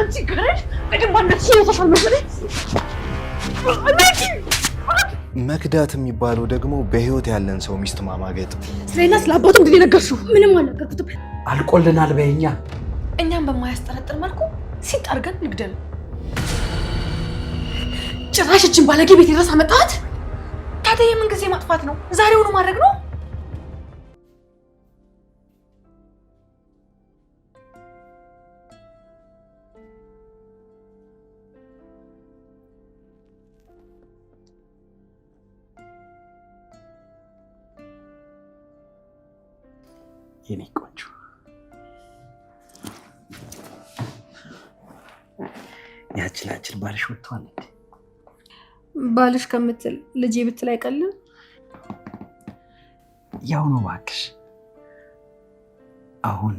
አንቺ ገረድ ቅድም አንዳች ይወታሻል መሰለኝ። መክዳት የሚባለው ደግሞ በህይወት ያለን ሰው ሚስት ማማገጥ። ስለሌላ ስለ አባቱ እንግዲህ ነገርሽው ምንም አልነገርኩትም። አልቆልናል በይኛ። እኛም በማያስጠረጥር መልኩ ሲጥ አድርገን ንግደን። ጭራሽ እችን ባለጌ ቤት ድረስ አመጣት። ታዲያ የምን ጊዜ ማጥፋት ነው? ዛሬውኑ ማድረግ ነው። የኔ ቆንጆ ያችን ባልሽ ወጥቷል። ባልሽ ከምትል ልጄ ብትል አይቀልም። ያው ነው እባክሽ። አሁን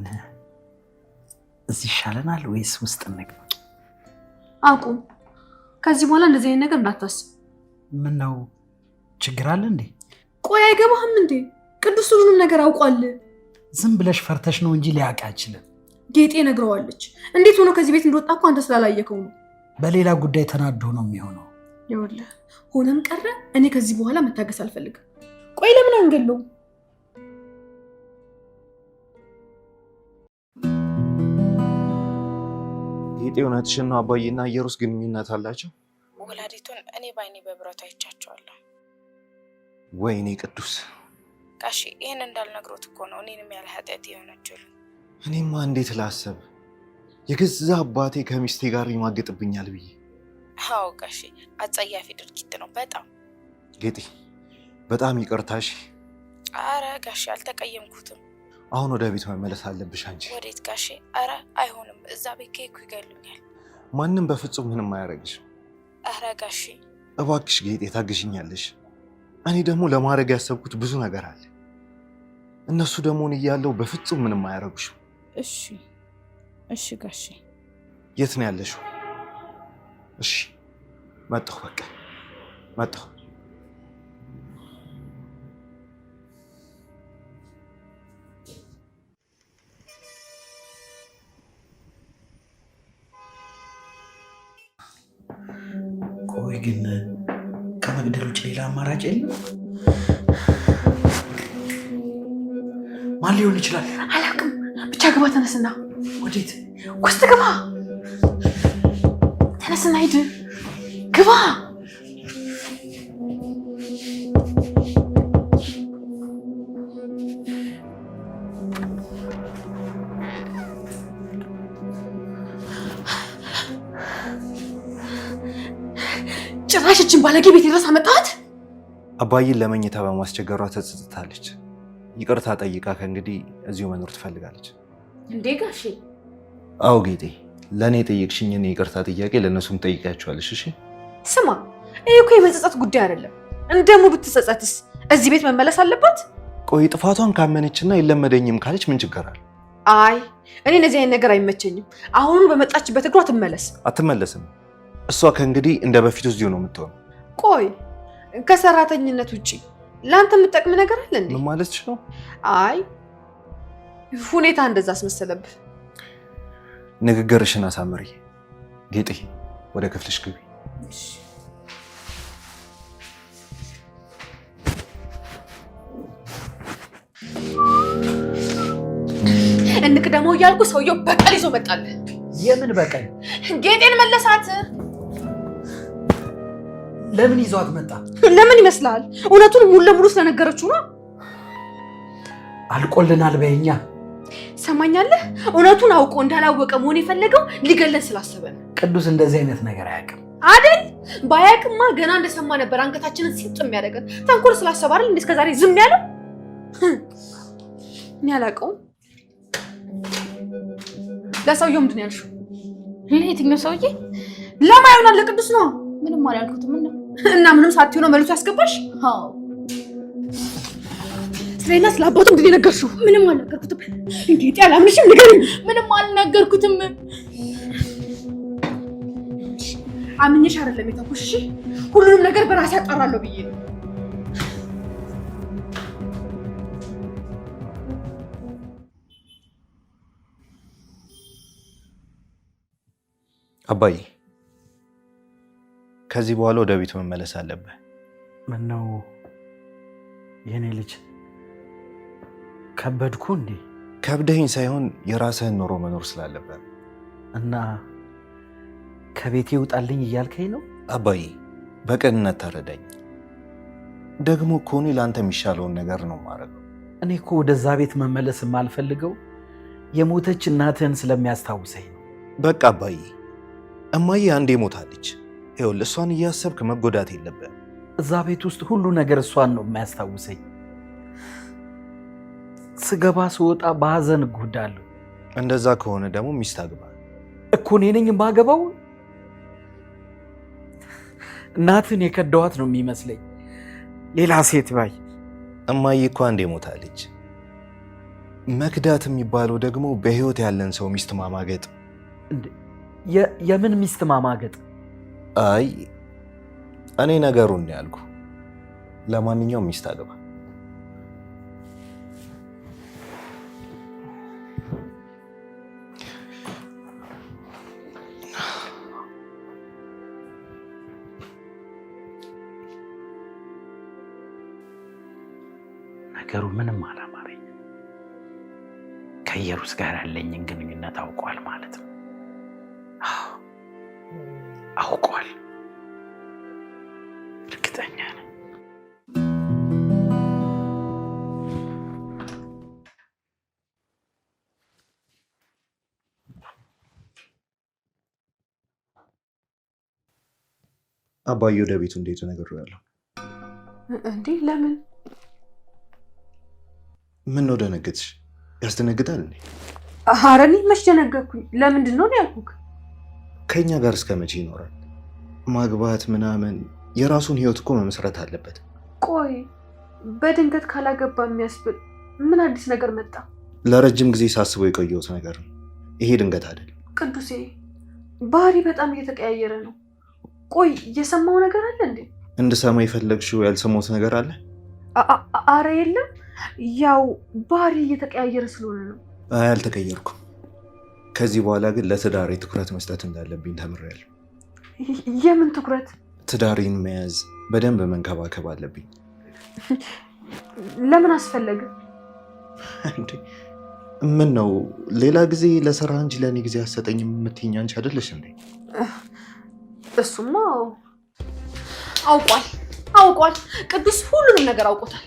እዚህ ይሻለናል ወይስ ውስጥ እንግባ? አቁም። ከዚህ በኋላ እንደዚህ አይነት ነገር እንዳታስብ። ምን ነው ችግር አለ እንዴ? ቆይ አይገባህም እንዴ? ቅዱስ ሁሉንም ነገር አውቋል። ዝም ብለሽ ፈርተሽ ነው እንጂ ሊያውቅ አይችልም። ጌጤ ነግረዋለች። እንዴት ሆኖ ከዚህ ቤት እንደወጣ እኮ አንተ ስላላየከው ነው። በሌላ ጉዳይ ተናዶ ነው የሚሆነው። ይኸውልህ፣ ሆነም ቀረ እኔ ከዚህ በኋላ መታገስ አልፈልግም። ቆይ ለምን አንገለው? ጌጤ እውነትሽን ነው። አባዬና ኢየሩስ ግንኙነት አላቸው። ወላዲቱን እኔ ባይኔ በብረቱ አይቻቸዋለሁ። ወይኔ ቅዱስ ጋሺ ይህን እንዳልነግሮት እኮ ነው እኔንም ያለ ኃጢአት የሆነችል። እኔማ እንዴት ላሰብ የገዛ አባቴ ከሚስቴ ጋር ይማገጥብኛል ብዬ። አዎ ጋሽ፣ አጸያፊ ድርጊት ነው በጣም ጌጤ። በጣም ይቅርታሽ። አረ ጋሺ አልተቀየምኩትም። አሁን ወደ ቤት መመለስ አለብሽ አንቺ። ወዴት ጋሽ? አረ አይሆንም፣ እዛ ቤት ከሄድኩ ይገሉኛል። ማንም በፍጹም ምንም አያደርግሽም። አረ ጋሽ እባክሽ ጌጤ ታግሽኛለሽ። እኔ ደግሞ ለማድረግ ያሰብኩት ብዙ ነገር አለ። እነሱ ደግሞ እኔ እያለሁ በፍጹም ምንም አያደርጉሽም። እሺ እሺ ጋሺ የት ነው ያለሽው? እሺ መጣሁ፣ በቃ መጣሁ። ቆይ ግን ከመግደል ውጭ ሌላ አማራጭ የለም? ማን ሊሆን ይችላል? አላውቅም። ብቻ ግባ፣ ተነስና። ወዴት? ውስጥ ግባ። ተነስና ሂድ፣ ግባ። ጭራሽችን ባለጌ ቤት ድረስ አመጣት። አባይን ለመኝታ በማስቸገሯ ተጸጽታለች። ይቅርታ ጠይቃ ከእንግዲህ እዚሁ መኖር ትፈልጋለች። እንዴ ጋሼ? አዎ ጌጤ፣ ለእኔ የጠየቅሽኝን ይቅርታ ጥያቄ ለእነሱም ጠይቂያቸዋለሽ። እሺ ስማ፣ ይህ እኮ የመጸጸት ጉዳይ አይደለም። እንደሞ ብትጸጸትስ እዚህ ቤት መመለስ አለባት። ቆይ ጥፋቷን ካመነችና የለመደኝም ካለች ምን ችግር አለ? አይ እኔ እነዚህ አይነት ነገር አይመቸኝም። አሁኑ በመጣችበት እግሯ አትመለስ። አትመለስም። እሷ ከእንግዲህ እንደ በፊቱ እዚሁ ነው የምትሆነው። ቆይ ከሰራተኝነት ውጪ ለአንተ የምጠቅም ነገር አለ እንዴ? ማለት ነው። አይ ሁኔታ እንደዛ አስመሰለብህ። ንግግርሽን አሳምሪ። ጌጤ ወደ ክፍልሽ ግቢ። ደግሞ እያልኩ ሰውየው በቀል ይዞ መጣለ። የምን በቀል? ጌጤን መለሳት። ለምን ይዟት መጣ? ለምን ይመስላል? እውነቱን ሙሉ ለሙሉ ስለነገረችው ነው። አልቆልናል በይኛ ሰማኛለህ። እውነቱን አውቆ እንዳላወቀ መሆን የፈለገው ሊገለን ስላሰበ ነው። ቅዱስ እንደዚህ አይነት ነገር አያውቅም አይደል? ባያውቅማ ገና እንደሰማ ነበር አንገታችንን ሲጥ የሚያደርገን። ተንኮል ስላሰበ አይደል እንዴ እስከዛሬ ዝም ያለው? እኔ አላውቀውም። ለሰውየው ምንድን ነው ያልሽው? ለየትኛው ሰውዬ? ለማ ይሆናል? ለቅዱስ ነው። ምንም አላልኩትም። እና ምንም ሳትዩ ነው መልሶ ያስገባሽ? ስለና ስለሌላ ስለ አባቱ እንዴት የነገርሽው? ምንም አልነገርኩትም። እንዴት ያላምንሽም? ንገሪኝ። ምንም አልነገርኩትም። አምኜሽ አይደለም የተኩሽ። እሺ፣ ሁሉንም ነገር በራሴ አጣራለሁ ብዬ ነው። አባዬ ከዚህ በኋላ ወደ ቤት መመለስ አለብህ። ምነው የኔ ልጅ ከበድኩ እንዴ? ከብደኝ ሳይሆን የራስህን ኑሮ መኖር ስላለበት እና ከቤቴ ይውጣልኝ እያልከኝ ነው? አባዬ በቅንነት ተረዳኝ። ደግሞ እኮ እኔ ለአንተ የሚሻለውን ነገር ነው ማረገው። እኔ እኮ ወደዛ ቤት መመለስ የማልፈልገው የሞተች እናትህን ስለሚያስታውሰኝ ነው። በቃ አባዬ እማዬ አንዴ ሞታለች። ይኸውልህ እሷን እያሰብክ መጎዳት የለብህም። እዛ ቤት ውስጥ ሁሉ ነገር እሷን ነው የማያስታውሰኝ። ስገባ ስወጣ በሀዘን እጎዳለሁ። እንደዛ ከሆነ ደግሞ ሚስት አግባ። እኮ እኔ ነኝ የማገባው። እናትን የከደዋት ነው የሚመስለኝ። ሌላ ሴት ባይ እማዬ እኮ አንዴ ሞታለች። መክዳት የሚባለው ደግሞ በህይወት ያለን ሰው ሚስት ማማገጥ። የምን ሚስት ማማገጥ? አይ እኔ ነገሩን ያልኩ። ለማንኛውም ሚስት አግባ። ነገሩ ምንም አላማረኝ ከኢየሩስ ጋር ያለኝን ግንኙነት አውቋል ማለት ነው። አባዬ ወደ ቤቱ ነገሩ ያለው እንዴ? ለምን? ምን ነው ደነገጥሽ? ያስደነግጣል እንዴ? ኧረ እኔ መች ደነገጥኩኝ? ለምንድን ነው ያልኩህ? ከእኛ ጋር እስከ መቼ ይኖራል? ማግባት ምናምን የራሱን ህይወት እኮ መመስረት አለበት። ቆይ በድንገት ካላገባ የሚያስብል ምን አዲስ ነገር መጣ? ለረጅም ጊዜ ሳስበው የቆየሁት ነገር ነው። ይሄ ድንገት አይደለም ቅዱሴ። ባህሪ በጣም እየተቀያየረ ነው። ቆይ የሰማው ነገር አለ እንዴ? እንድሰማ የፈለግሽው ያልሰማሁት ነገር አለ? አረ የለም፣ ያው ባህሪ እየተቀያየረ ስለሆነ ነው። አይ አልተቀየርኩም። ከዚህ በኋላ ግን ለትዳሬ ትኩረት መስጠት እንዳለብኝ ተምሬያለሁ። የምን ትኩረት? ትዳሬን መያዝ በደንብ መንከባከብ አለብኝ። ለምን አስፈለገ? ምን ነው ሌላ ጊዜ ለስራ እንጂ ለእኔ ጊዜ አሰጠኝ የምትይኝ አንቺ አይደለሽ እንዴ? እሱማ አውቋል አውቋል። ቅዱስ ሁሉንም ነገር አውቆታል።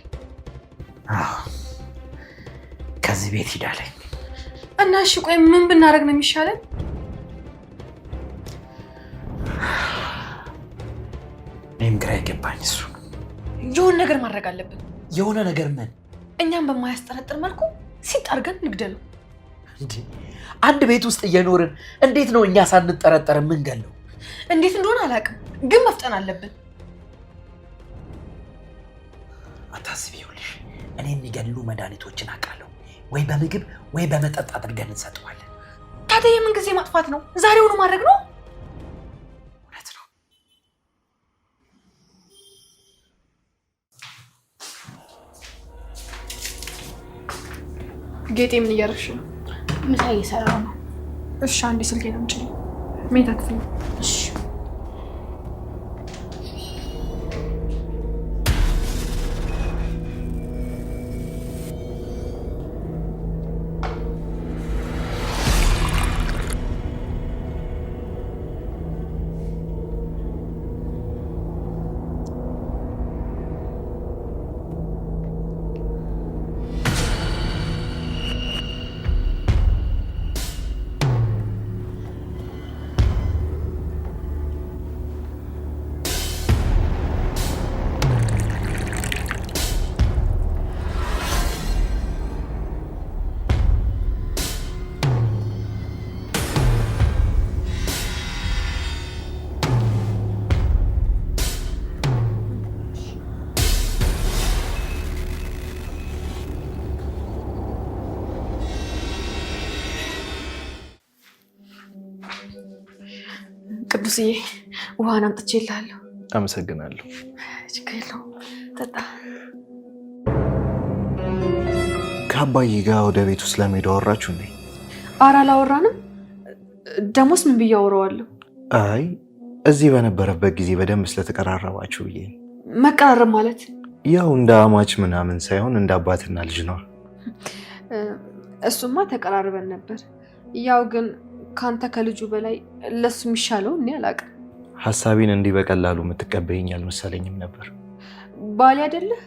ከዚህ ቤት ሂዳለኝ እና እሺ፣ ቆይ ምን ብናደርግ ነው የሚሻለን? እኔም ግራ ይገባኝ። እሱ የሆነ ነገር ማድረግ አለብን። የሆነ ነገር ምን? እኛም በማያስጠረጥር መልኩ ሲጣርገን ንግደለው። አንድ ቤት ውስጥ እየኖርን እንዴት ነው እኛ ሳንጠረጠር ምንገለው? እንዴት እንደሆነ አላውቅም፣ ግን መፍጠን አለብን። አታስቢ፣ ይኸውልሽ እኔ የሚገድሉ መድኃኒቶችን አውቃለሁ። ወይ በምግብ ወይ በመጠጥ አድርገን እንሰጠዋለን። ታዲያ የምን ጊዜ ማጥፋት ነው? ዛሬውኑ ማድረግ ነው። ጌጤ፣ ምን እያደረግሽ ነው? ምሳ እየሰራሁ ነው። እሺ፣ አንዴ ስልኬን አምጪልኝ። ሜታ ክፍል ነው ንጉስዬ፣ ውሃን አምጥቼልሃለሁ። አመሰግናለሁ። ችግር የለውም ጠጣ። ከአባዬ ጋር ወደ ቤቱ ስለመሄዱ አወራችሁ እንዴ? አራ አላወራንም። ደሞስ ምን ብዬ አወራዋለሁ? አይ እዚህ በነበረበት ጊዜ በደንብ ስለተቀራረባችሁ ብዬ። መቀራረብ ማለት ያው እንደ አማች ምናምን ሳይሆን እንደ አባትና ልጅ ነዋ። እሱማ ተቀራርበን ነበር። ያው ግን ከአንተ ከልጁ በላይ ለሱ የሚሻለው እኔ አላውቅም። ሀሳቤን እንዲህ በቀላሉ የምትቀበይኝ አልመሰለኝም ነበር። ባሌ አይደለህ?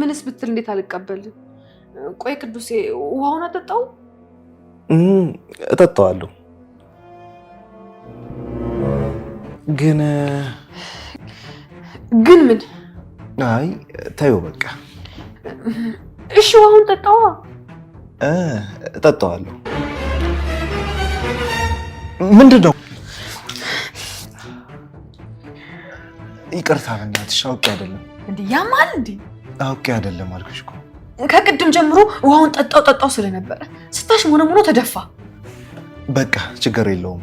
ምንስ ብትል እንዴት አልቀበልም? ቆይ ቅዱሴ ውሃውን አጠጣው? እጠጣዋለሁ ግን ግን ምን? አይ ተይው በቃ እሺ፣ ውሃውን ጠጣዋ። እጠጣዋለሁ ምንድን ነው? ይቅርታ በእናትሽ አውቄ አይደለም። ያማል እንዴ? አውቄ አይደለም አልኩሽ እኮ ከቅድም ጀምሮ ውሃውን ጠጣው ጠጣው ስለነበረ ስታሽ ሆነ ሆኖ ተደፋ። በቃ ችግር የለውም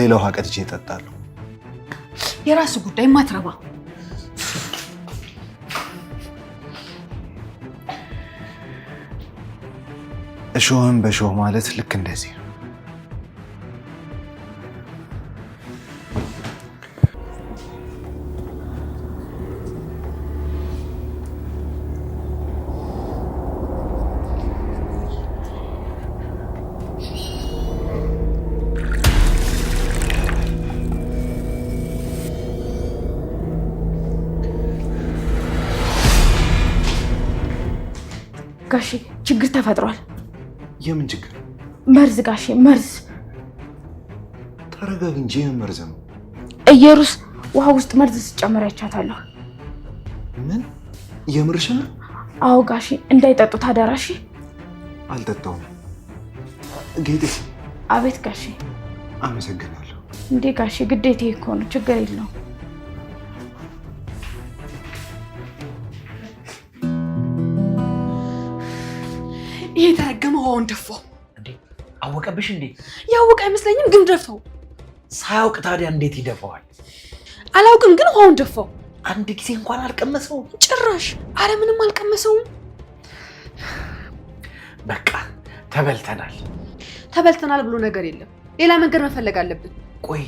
ሌላ ውሃ ቀድቼ እጠጣለሁ። የራስ ጉዳይ ማትረባ እሾህን በሾህ ማለት ልክ እንደዚህ ጋሼ ችግር ተፈጥሯል። የምን ችግር? መርዝ ጋሼ መርዝ። ተረጋጊ እንጂ የምን መርዝ ነው? እየሩስ ውሃ ውስጥ መርዝ ስጨምር ያቻታለሁ። ምን? የምርሽ ነው? አዎ ጋሼ እንዳይጠጡት ታደራሽ። አልጠጣውም። ጌጤስ? አቤት ጋሼ። አመሰግናለሁ። እንዴ ጋሼ ግዴታ እኮ ነው፣ ችግር የለውም። አበባውን ደፋው። አወቀብሽ እንዴ? ያወቀ አይመስለኝም፣ ግን ደፋው። ሳያውቅ ታዲያ እንዴት ይደፋዋል? አላውቅም፣ ግን ውሃውን ደፋው። አንድ ጊዜ እንኳን አልቀመሰውም። ጭራሽ! አረ ምንም አልቀመሰውም። በቃ ተበልተናል። ተበልተናል ብሎ ነገር የለም። ሌላ መንገድ መፈለግ አለብን። ቆይ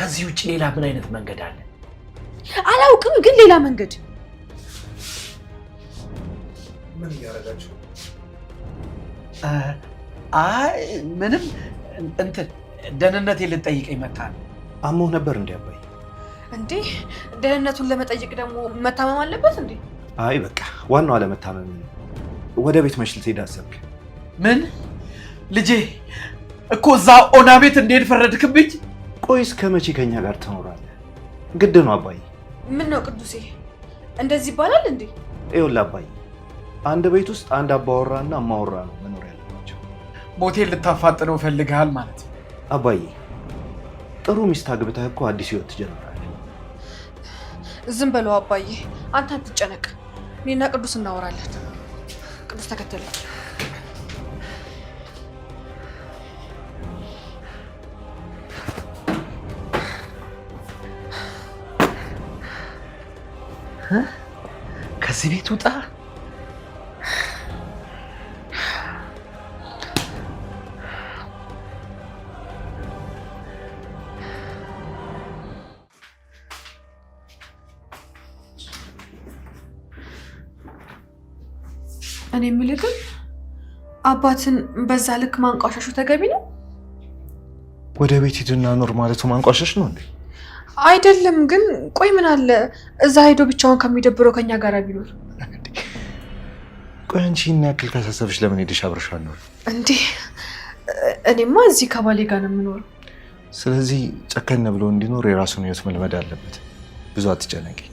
ከዚህ ውጭ ሌላ ምን አይነት መንገድ አለ? አላውቅም፣ ግን ሌላ መንገድ ምን እያደረጋችሁ አይ ምንም እንትን ደህንነቴን ልትጠይቀኝ መታ ነው። አሞህ ነበር እንዴ አባይ? እንዴ ደህንነቱን ለመጠየቅ ደግሞ መታመም አለበት እንዴ? አይ በቃ ዋናው አለመታመም ወደ ቤት መች ልትሄድ አሰብክ? ምን ልጄ እኮ እዛ ኦና ቤት እንዴት ፈረድክብኝ? ቆይ እስከ መቼ ከኛ ጋር ትኖራለህ? ግድ ነው አባይ። ምን ነው ቅዱሴ እንደዚህ ይባላል እንዴ? ይኸውልህ አባይ አንድ ቤት ውስጥ አንድ አባወራ እና እማወራ ነው መኖር ያለባቸው። ሞቴል ልታፋጥነው ፈልግሃል ማለት ነው። አባዬ ጥሩ ሚስት አግብተህ እኮ አዲስ ህይወት ትጀምራለህ። ዝም በለው አባዬ፣ አንተ አትጨነቅ። እኔና ቅዱስ እናወራለን። ቅዱስ ተከተለ። ከዚህ ቤት ውጣ ነው የሚል ግን አባትን በዛ ልክ ማንቋሻሹ ተገቢ ነው? ወደ ቤት ሂድና ኖር ማለቱ ማንቋሸሽ ነው እንዴ? አይደለም። ግን ቆይ ምን አለ እዛ ሄዶ ብቻውን ከሚደብረው ከኛ ጋር ቢኖር? ቆይ አንቺ ይህን ያክል ካሳሰብሽ ለምን ሄደሽ አብረሽ አኖር እንዴ? እኔማ እዚህ ከባሌ ጋር ነው የምኖረው። ስለዚህ ጨከን ብሎ እንዲኖር የራሱን ህይወት መልመድ አለበት። ብዙ አትጨነቂ።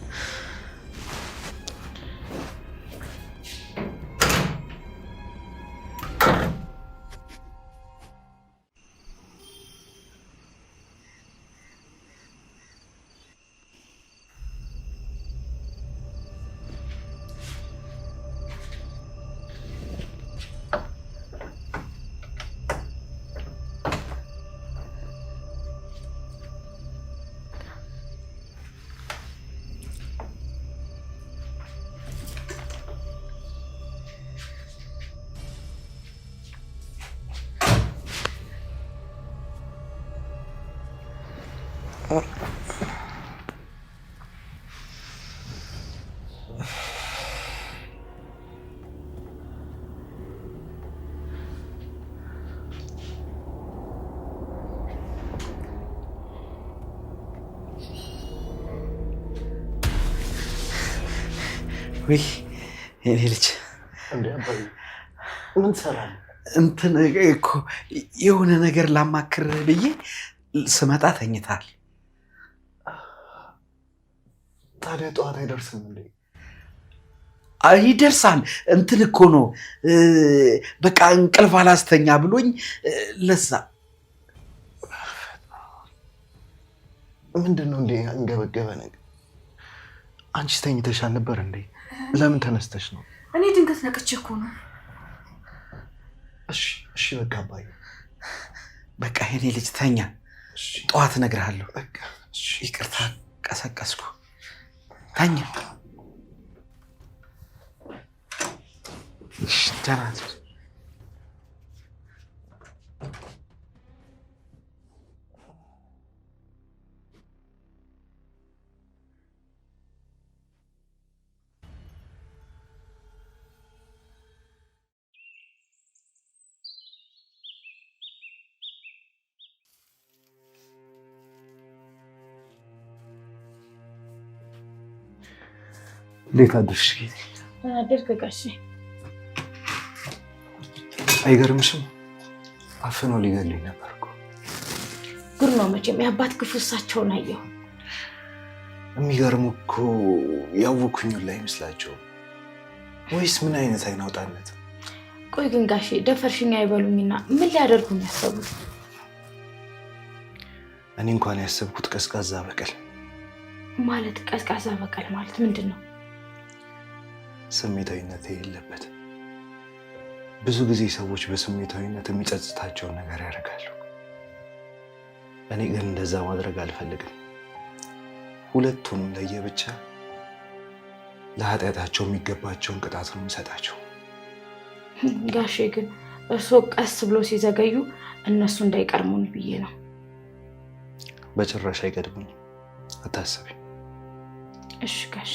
ውይ የኔ ልጅ እንትን እኮ የሆነ ነገር ላማክር ብዬ ስመጣ ተኝታል። ታዲያ ጠዋት አይደርስም እንዴ? ይደርሳል። እንትን እኮ ነው በቃ እንቅልፍ አላስተኛ ብሎኝ ለዛ ምንድን ነው እንዴ አንገበገበ ነገር። አንቺ ተኝተሻል ነበር እንዴ? ለምን ተነስተሽ ነው? እኔ ድንገት ነቅቼ እኮ ነው። እሺ፣ እሺ፣ በቃ አባዬ፣ በቃ የኔ ልጅ ተኛ። ጠዋት እነግርሃለሁ። ይቅርታ ቀሰቀስኩ። ተኛ። ደህና እንዴት አደርሽ? አደርክ ጋሼ። አይገርምሽም? አፍኖ ሊገድልኝ ነበር እኮ። ጉድ ነው መቼም የአባት ክፉ እሳቸውን አየሁ። የሚገርም እኮ ያወኩኙን ላይ ይመስላቸው ወይስ ምን አይነት አይናውጣነት? ቆይ ግን ጋሼ ደፈርሽኝ አይበሉኝና ምን ሊያደርጉ የሚያሰቡት? እኔ እንኳን ያሰብኩት ቀዝቃዛ በቀል ማለት። ቀዝቃዛ በቀል ማለት ምንድን ነው? ስሜታዊነት የለበት ብዙ ጊዜ ሰዎች በስሜታዊነት የሚጸጽታቸውን ነገር ያደርጋሉ። እኔ ግን እንደዛ ማድረግ አልፈልግም። ሁለቱንም ለየብቻ ለኃጢአታቸው የሚገባቸውን ቅጣት ነው የሚሰጣቸው። ጋሼ ግን እርስዎ ቀስ ብሎ ሲዘገዩ እነሱ እንዳይቀድሙን ብዬ ነው። በጭራሽ አይቀድሙን፣ አታስቢ። እሺ ጋሼ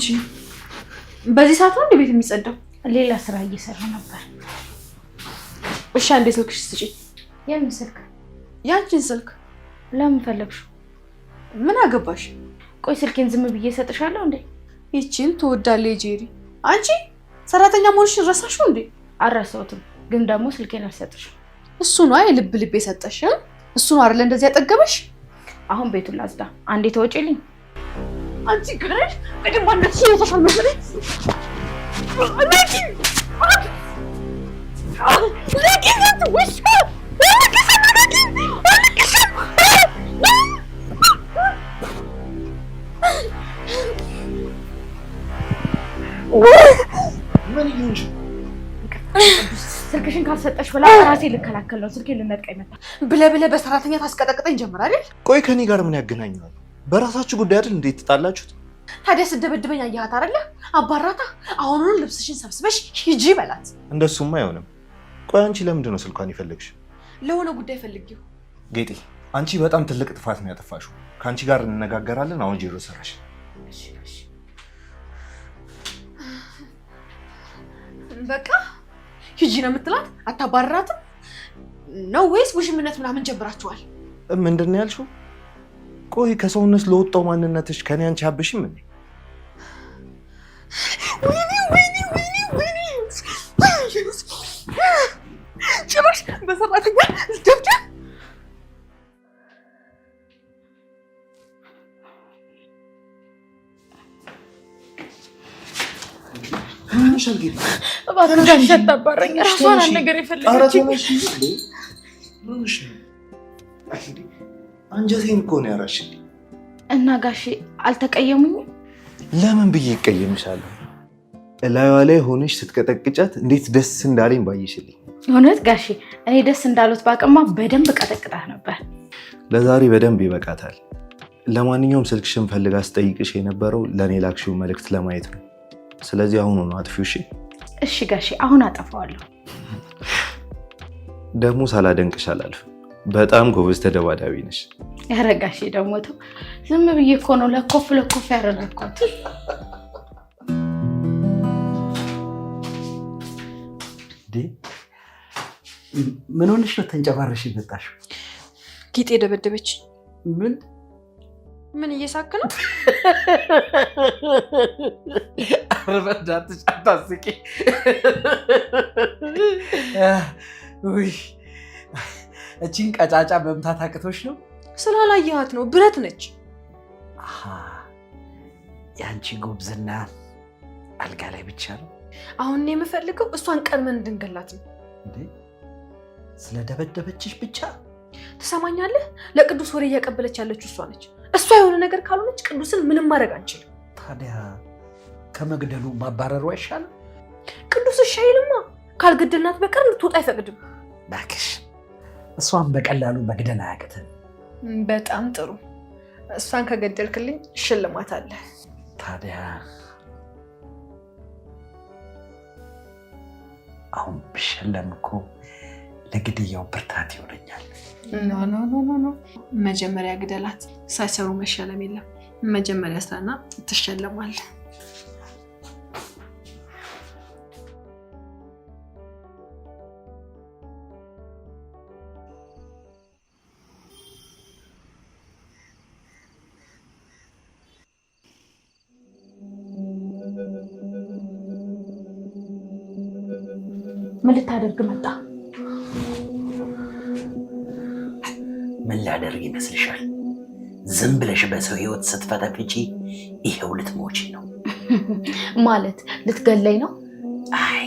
አንቺ በዚህ ሰዓት ነው እንደ ቤት የሚጸዳው? ሌላ ስራ እየሰራ ነበር። እሺ አንዴ ስልክሽ ስጪ። የምን ስልክ? ያንቺን ስልክ። ለምን ፈለግሽው? ምን አገባሽ? ቆይ ስልኬን ዝም ብዬ እሰጥሻለሁ እንዴ? ይቺን ትወዳለህ ጄሪ። አንቺ ሰራተኛ መሆንሽን ረሳሽው እንዴ? አልረሳሁትም፣ ግን ደግሞ ስልኬን አልሰጥሽም። እሱ ነው የልብ ልብ የሰጠሽ እሱ ነው አይደለ? እንደዚህ ያጠገበሽ። አሁን ቤቱን ላዝዳ፣ አንዴ ተወጪልኝ። አንቺ ገረድ ቅድም ባንደት ሲኖተሻል መሰለኝ። ስልክሽን ካልሰጠሽ ብላ ራሴ ልከላከል ነው። ስልኬ ልነጥቀኝ መጣ ብለህ ብለህ በሰራተኛ ታስቀጠቅጠኝ ጀምር አይደል? ቆይ ከኔ ጋር ምን ያገናኘዋል? በራሳችሁ ጉዳይ አይደል እንዴት ትጣላችሁት? ታዲያ ስደበድበኝ አየሃት አይደለ? አባራታ አሁኑን ልብስሽን ሰብስበሽ ሂጂ በላት። እንደሱም አይሆንም። ቆይ አንቺ ለምንድን ነው ስልኳን የፈለግሽ? ለሆነ ጉዳይ ፈልጊው። ጌጤ፣ አንቺ በጣም ትልቅ ጥፋት ነው ያጠፋሽው። ከአንቺ ጋር እንነጋገራለን። አሁን ጂሮ ሰራሽ። በቃ ሂጂ ነው የምትላት? አታባራትም ነው ወይስ ውሽምነት ምናምን ጀምራችኋል? ምንድን ነው ያልሽው? ቆይ ከሰውነት ለወጣው ማንነትሽ ከኔ አንቺ አብሽም እንዴ? ጭራሽ በሰራተኛ ደብደብ ራሷን ነገር አንጀቴን እኮ ነው እና ጋሼ አልተቀየሙኝም? ለምን ብዬ ይቀየምሻለሁ? እላዩዋ ላይ ሆነሽ ስትቀጠቅጫት እንዴት ደስ እንዳለኝ ባየሽልኝ። እውነት ጋሼ፣ እኔ ደስ እንዳሉት ባቅማ በደንብ ቀጠቅጣት ነበር። ለዛሬ በደንብ ይበቃታል። ለማንኛውም ስልክሽን ፈልጋ ስጠይቅሽ የነበረው ለእኔ ላክሽው መልእክት ለማየት ነው። ስለዚህ አሁኑ ነው አጥፊው። እሺ፣ እሺ ጋሼ፣ አሁን አጠፋዋለሁ። ደግሞ ሳላደንቅሽ አላልፍም። በጣም ጎበዝ ተደባዳቢ ነሽ። ያረጋሽ ደግሞ ተው፣ ዝም ብዬ እኮ ነው ለኮፍ ለኮፍ ያረጋኳት። ምን ሆነሽ ነው ተንጨባረሽ ይመጣሽ? ጌጤ ደበደበች። ምን ምን እየሳክ ነው? አርበዳትሽ አታስቂ እቺን ቀጫጫ መምታት አቅቶች ነው? ስላላየሃት ነው። ብረት ነች። የአንቺ ጉብዝና አልጋ ላይ ብቻ ነው። አሁን የምፈልገው እሷን ቀድመን እንድንገላት ነው። ስለ ደበደበችሽ ብቻ ትሰማኛለህ? ለቅዱስ ወሬ እያቀበለች ያለችው እሷ ነች። እሷ የሆነ ነገር ካልሆነች ቅዱስን ምንም ማድረግ አንችልም። ታዲያ ከመግደሉ ማባረሩ አይሻልም? ቅዱስ እሺ አይልማ። ካልገደልናት በቀር ልትወጣ አይፈቅድም። እባክሽ እሷን በቀላሉ መግደል አያቅትን። በጣም ጥሩ። እሷን ከገደልክልኝ ሽልማት አለ። ታዲያ አሁን ብሸለም እኮ ለግድያው ብርታት ይሆነኛል። ኖ፣ መጀመሪያ ግደላት። ሳይሰሩ መሸለም የለም። መጀመሪያ ስራና ትሸለማለህ። ምን ልታደርግ መጣ? ምን ላደርግ ይመስልሻል? ዝም ብለሽ በሰው ህይወት ስትፈተፍጪ ይሄው ልትሞቺ ነው ማለት። ልትገለኝ ነው? አይ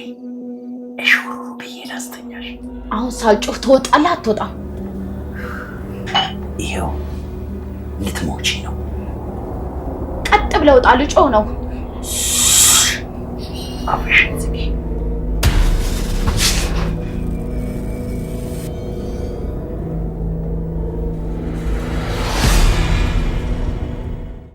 እሽሩ ብዬ ላስተኛሽ። አሁን ሳጮህ ትወጣለህ አትወጣም? ይሄው ልትሞቺ ነው። ቀጥ ብለህ ልጮ ነው። አፍሽ